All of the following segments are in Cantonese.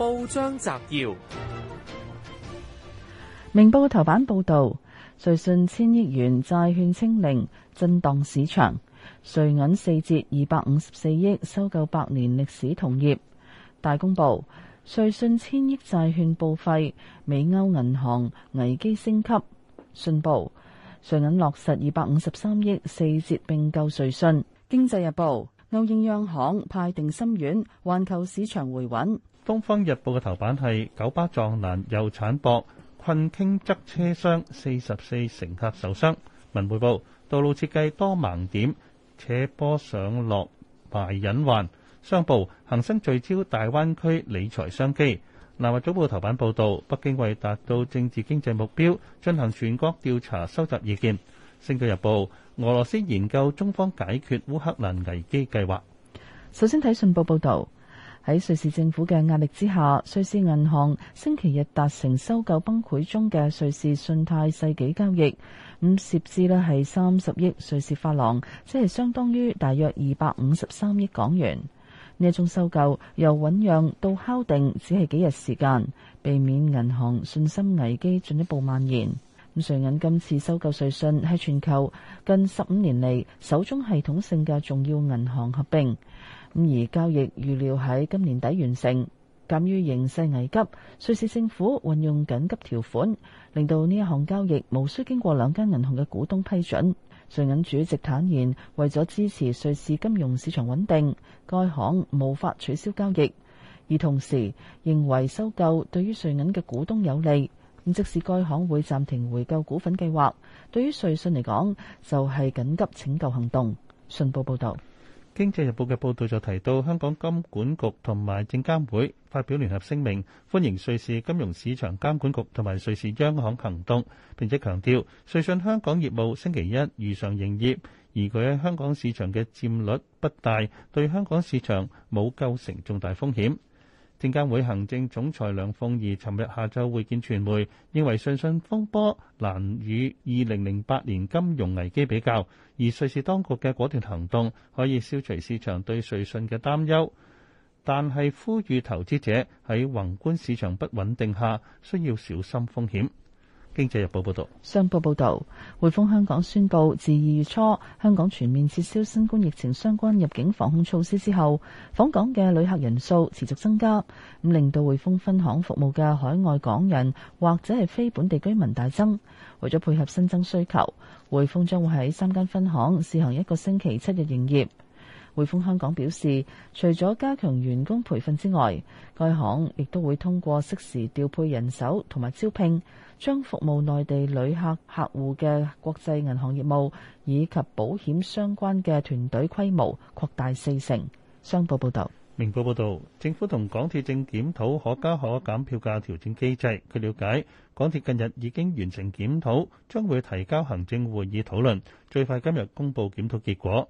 報章摘要：明報頭版報道，瑞信千億元債券清零，震盪市場；瑞銀四折二百五十四億收購百年歷史同業。大公報。瑞信千億元債券報廢，美歐銀行危機升級。信報，瑞銀落實二百五十三億四折併購瑞信。經濟日報，歐英央行派定心丸，環球市場回穩。《東方日報》嘅頭版係九巴撞欄右鏟坡，困傾側車廂，四十四乘客受傷。《文匯報》道路設計多盲點，斜坡上落埋隱患。隱《商報》恒生聚焦大灣區理財商機。《南華早報》頭版報道，北京為達到政治經濟目標，進行全國調查收集意見。《星島日報》俄羅斯研究中方解決烏克蘭危機計劃。首先睇信報報道。喺瑞士政府嘅壓力之下，瑞士銀行星期日達成收購崩潰中嘅瑞士信貸世紀交易，咁、嗯、涉資呢係三十億瑞士法郎，即係相當於大約二百五十三億港元。呢一宗收購由醞釀到敲定只係幾日時間，避免銀行信心危機進一步蔓延。咁、嗯、瑞銀今次收購瑞信係全球近十五年嚟首宗系統性嘅重要銀行合併。咁而交易預料喺今年底完成。鑒於形勢危急，瑞士政府運用緊急條款，令到呢一項交易無需經過兩間銀行嘅股東批准。瑞銀主席坦言，為咗支持瑞士金融市場穩定，該行無法取消交易。而同時認為收購對於瑞銀嘅股東有利。咁即使該行會暫停回購股份計劃，對於瑞信嚟講就係、是、緊急拯救行動，信報報道。經濟日報嘅報導就提到，香港金管局同埋證監會發表聯合聲明，歡迎瑞士金融市場監管局同埋瑞士央行行動，並且強調，瑞信香港業務星期一如常營業，而佢喺香港市場嘅佔率不大，對香港市場冇構成重大風險。證監會行政總裁梁鳳儀尋日下晝會見傳媒，認為瑞信風波難與二零零八年金融危機比較，而瑞士當局嘅果斷行動可以消除市場對瑞信嘅擔憂，但係呼籲投資者喺宏觀市場不穩定下需要小心風險。經濟日報報道，商報報道，匯豐香港宣佈，自二月初香港全面撤銷新冠疫情相關入境防控措施之後，訪港嘅旅客人數持續增加，咁令到匯豐分行服務嘅海外港人或者係非本地居民大增。為咗配合新增需求，匯豐將會喺三間分行試行一個星期七日營業。匯豐香港表示，除咗加強員工培訓之外，該行亦都會通過適時調配人手同埋招聘，將服務內地旅客客戶嘅國際銀行業務以及保險相關嘅團隊規模擴大四成。商報報道，明報報道，政府同港鐵正檢討可加可減票價調整機制。據了解，港鐵近日已經完成檢討，將會提交行政會議討論，最快今日公布檢討結果。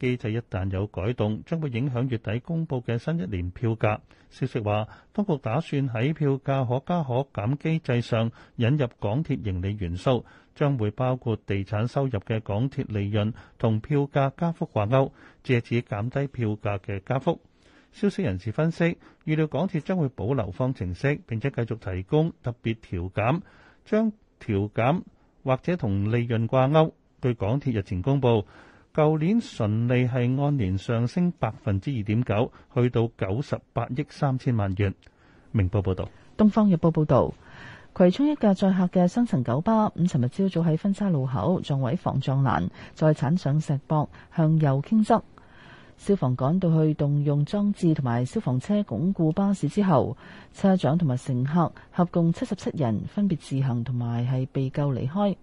機制一旦有改動，將會影響月底公布嘅新一年票價。消息話當局打算喺票價可加可減機制上引入港鐵盈利元素，將會包括地產收入嘅港鐵利潤同票價加幅掛鈎，借此減低票價嘅加幅。消息人士分析，預料港鐵將會保留方程式，並且繼續提供特別調減，將調減或者同利潤掛鈎。據港鐵日前公布。舊年純利係按年上升百分之二點九，去到九十八億三千萬元。明報報道，東方日報報道，葵涌一架載客嘅雙層九巴，五尋日朝早喺分岔路口撞毀防撞欄，再鏟上石壆，向右傾側。消防趕到去動用裝置同埋消防車鞏固巴士之後，車長同埋乘客合共七十七人分別自行同埋係被救離開。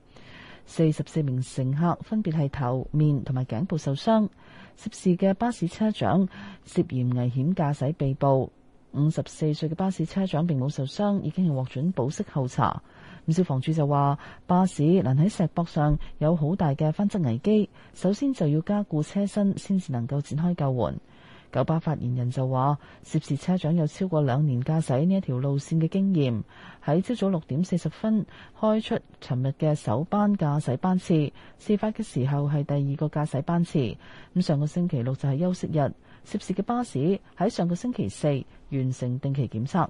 四十四名乘客分別係頭面同埋頸部受傷，涉事嘅巴士車長涉嫌危險駕駛被捕。五十四歲嘅巴士車長並冇受傷，已經係獲准保釋候查。咁消防處就話，巴士能喺石壆上有好大嘅翻側危機，首先就要加固車身，先至能夠展開救援。九巴發言人就話，涉事車長有超過兩年駕駛呢一條路線嘅經驗，喺朝早六點四十分開出尋日嘅首班駕駛班次，事發嘅時候係第二個駕駛班次。咁上個星期六就係休息日，涉事嘅巴士喺上個星期四完成定期檢測。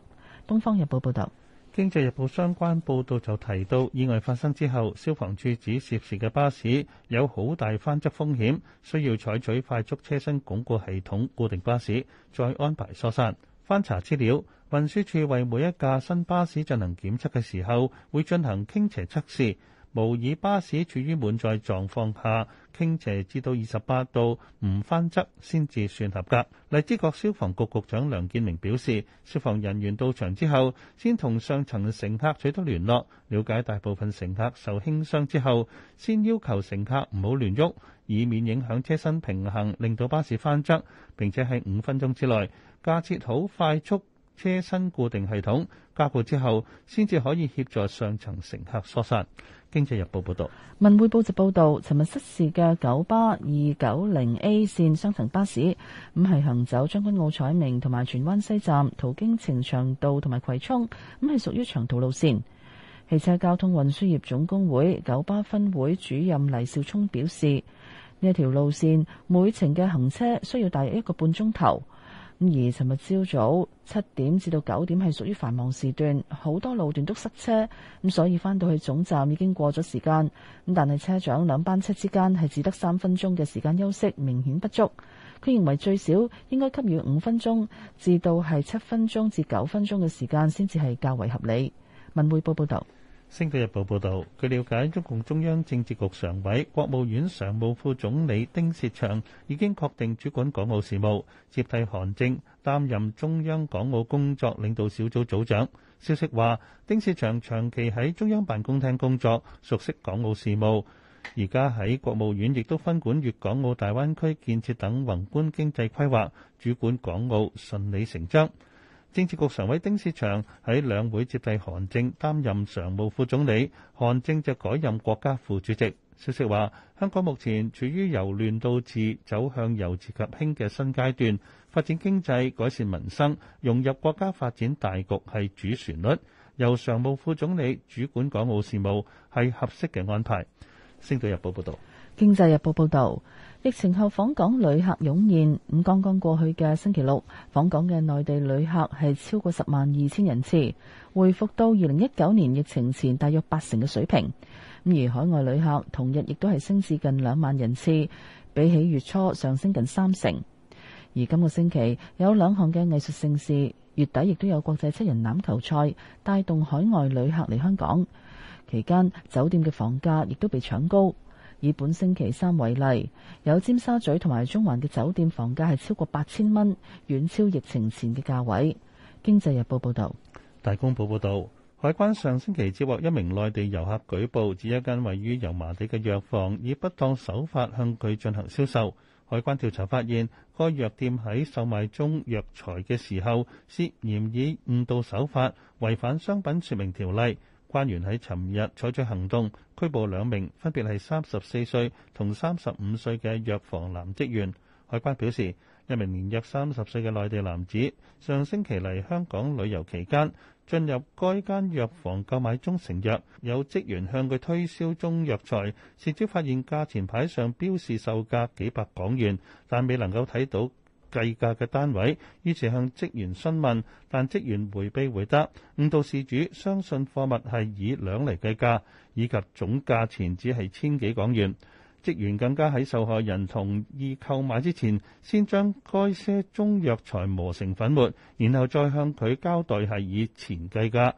東方日報報道。經濟日報相關報導就提到，意外發生之後，消防處指涉事嘅巴士有好大翻側風險，需要採取快速車身鞏固系統固定巴士，再安排疏散。翻查資料，運輸署為每一架新巴士進行檢測嘅時候，會進行傾斜測試。模擬巴士處於滿載狀況下傾斜至到二十八度，唔翻側先至算合格。荔枝角消防局局長梁建明表示，消防人員到場之後，先同上層乘客取得聯絡，了解大部分乘客受輕傷之後，先要求乘客唔好亂喐，以免影響車身平衡，令到巴士翻側。並且喺五分鐘之內架設好快速。車身固定系統加固之後，先至可以協助上層乘客疏散。經濟日報報道，文匯報就報道，尋日失事嘅九巴二九零 A 線雙層巴士，咁係行走將軍澳彩明同埋荃灣西站，途經呈祥道同埋葵涌，咁係屬於長途路線。汽車交通運輸業總工會九巴分會主任黎少聰表示，呢一條路線每程嘅行車需要大約一個半鐘頭。咁而尋日朝早七點至到九點係屬於繁忙時段，好多路段都塞車，咁所以翻到去總站已經過咗時間。咁但係車長兩班車之間係只得三分鐘嘅時間休息，明顯不足。佢認為最少應該給予五分鐘，至到係七分鐘至九分鐘嘅時間先至係較為合理。文匯報報道。《星島日報》報道：「據了解，中共中央政治局常委、國務院常務副總理丁薛祥已經確定主管港澳事務，接替韓正擔任中央港澳工作領導小組組長。消息話，丁薛祥長，長期喺中央辦公廳工作，熟悉港澳事務，而家喺國務院亦都分管粵港澳大灣區建設等宏觀經濟規劃，主管港澳順理成章。政治局常委丁薛祥喺兩會接替韓正擔任常務副總理，韓正就改任國家副主席。消息話，香港目前處於由亂到治走向由治及興嘅新階段，發展經濟、改善民生、融入國家發展大局係主旋律。由常務副總理主管港澳事務係合適嘅安排。星島日報報道，經濟日報報道。疫情後訪港旅客湧現，咁剛剛過去嘅星期六，訪港嘅內地旅客係超過十萬二千人次，恢復到二零一九年疫情前大約八成嘅水平。咁而海外旅客同日亦都係升至近兩萬人次，比起月初上升近三成。而今個星期有兩項嘅藝術盛事，月底亦都有國際七人欖球賽，帶動海外旅客嚟香港。期間酒店嘅房價亦都被搶高。以本星期三為例，有尖沙咀同埋中環嘅酒店房價係超過八千蚊，遠超疫情前嘅價位。經濟日報報導。大公報報導，海關上星期接獲一名內地遊客舉報，指一間位於油麻地嘅藥房以不當手法向佢進行銷售。海關調查發現，該藥店喺售賣中藥材嘅時候，涉嫌以誤導手法違反商品説明條例。關員喺尋日採取行動，拘捕兩名分別係三十四歲同三十五歲嘅藥房男職員。海關表示，一名年約三十歲嘅內地男子上星期嚟香港旅遊期間，進入該間藥房購買中成藥，有職員向佢推銷中藥材，事主發現價錢牌上標示售價幾百港元，但未能夠睇到。計價嘅單位，於是向職員詢問，但職員回避回答，誤導事主相信貨物係以兩嚟計價，以及總價錢只係千幾港元。職員更加喺受害人同意購買之前，先將該些中藥材磨成粉末，然後再向佢交代係以錢計價。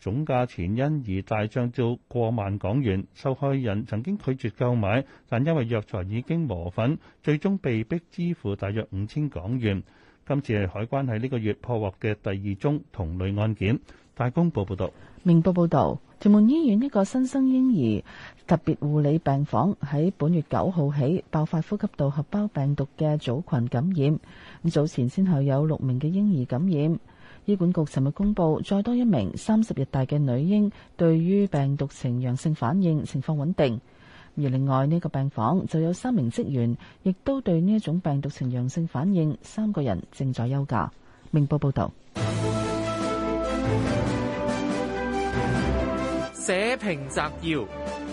總價錢因而大漲到過萬港元，受害人曾經拒絕購買，但因為藥材已經磨粉，最終被迫支付大約五千港元。今次係海關喺呢個月破獲嘅第二宗同類案件。大公報報道，明報報道，屯門醫院一個新生嬰兒特別護理病房喺本月九號起爆發呼吸道合胞病毒嘅組群感染，咁早前先後有六名嘅嬰兒感染。醫管局尋日公布，再多一名三十日大嘅女嬰對於病毒呈陽性反應，情況穩定。而另外呢、這個病房就有三名職員亦都對呢一種病毒呈陽性反應，三個人正在休假。明報報道。社評摘要。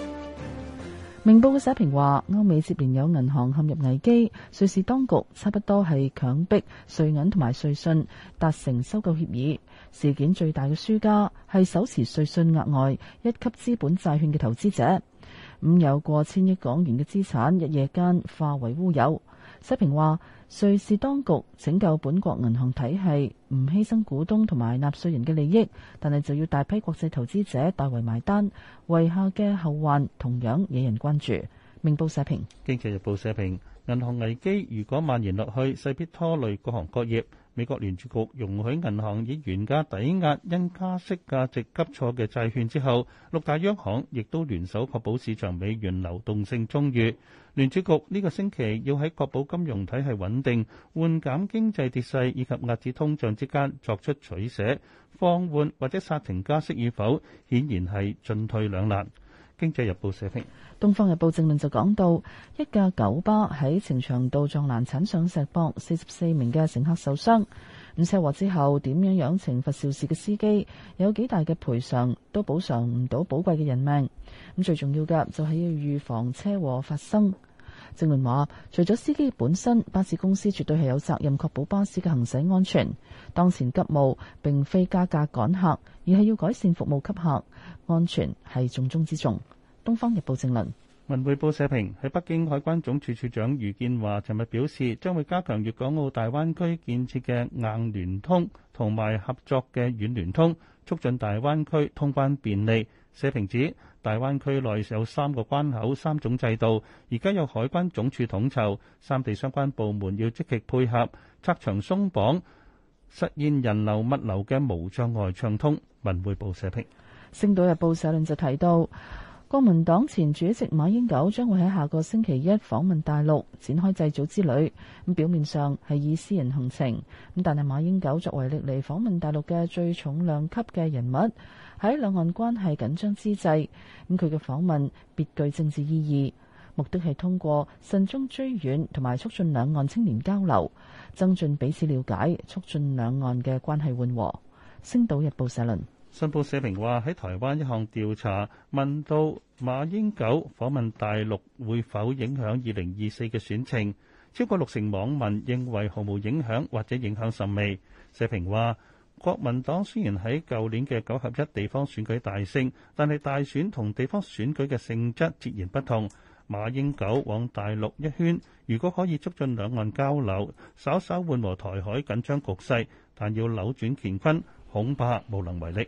明報嘅社評話：歐美接連有銀行陷入危機，瑞士當局差不多係強迫瑞銀同埋瑞信達成收購協議。事件最大嘅輸家係手持瑞信額外一級資本債券嘅投資者，共有過千億港元嘅資產一夜間化為烏有。社評話。瑞士當局拯救本國銀行體系，唔犧牲股東同埋納稅人嘅利益，但係就要大批國際投資者大為埋單，遺下嘅後患同樣惹人關注。明報社評，《經濟日報》社評：銀行危機如果蔓延落去，勢必拖累各行各業。美國聯儲局容許銀行以原價抵押因加息價值急挫嘅債券之後，六大央行亦都聯手確保市場美元流動性充裕。聯儲局呢個星期要喺確保金融體系穩定、緩減經濟跌勢以及壓止通脹之間作出取捨，放緩或者剎停加息與否，顯然係進退兩難。《經濟日報》社評，《東方日報》政論就講到，一架九巴喺呈祥道撞欄，鏟上石壆，四十四名嘅乘客受傷。咁車禍之後點樣嚴懲罰肇事嘅司機，有幾大嘅賠償都補償唔到寶貴嘅人命。咁最重要嘅就係要預防車禍發生。正論話：除咗司機本身，巴士公司絕對係有責任確保巴士嘅行駛安全。當前急務並非加價趕客，而係要改善服務給客。安全係重中之重。《東方日報》正論。《文匯報》社評：喺北京海關總署署長余建華尋日表示，將會加強粵港澳大灣區建設嘅硬聯通同埋合作嘅軟聯通，促進大灣區通關便利。社評指大灣區內有三個關口、三種制度，而家有海關總署統籌，三地相關部門要積極配合，拆牆鬆綁，實現人流物流嘅無障礙暢通。文匯報社評。《星島日報》社論就提到。國民黨前主席馬英九將會喺下個星期一訪問大陸，展開祭祖之旅。咁表面上係以私人行程，咁但係馬英九作為歷嚟訪問大陸嘅最重量級嘅人物，喺兩岸關係緊張之際，咁佢嘅訪問別具政治意義，目的係通過慎終追遠同埋促進兩岸青年交流，增進彼此了解，促進兩岸嘅關係緩和。星島日報社論。信報社評話，喺台灣一項調查問到馬英九訪問大陸會否影響二零二四嘅選情，超過六成網民認為毫無影響或者影響甚微。社評話，國民黨雖然喺舊年嘅九合一地方選舉大勝，但係大選同地方選舉嘅性質截然不同。馬英九往大陸一圈，如果可以促進兩岸交流，稍稍緩和台海緊張局勢，但要扭轉乾坤，恐怕無能為力。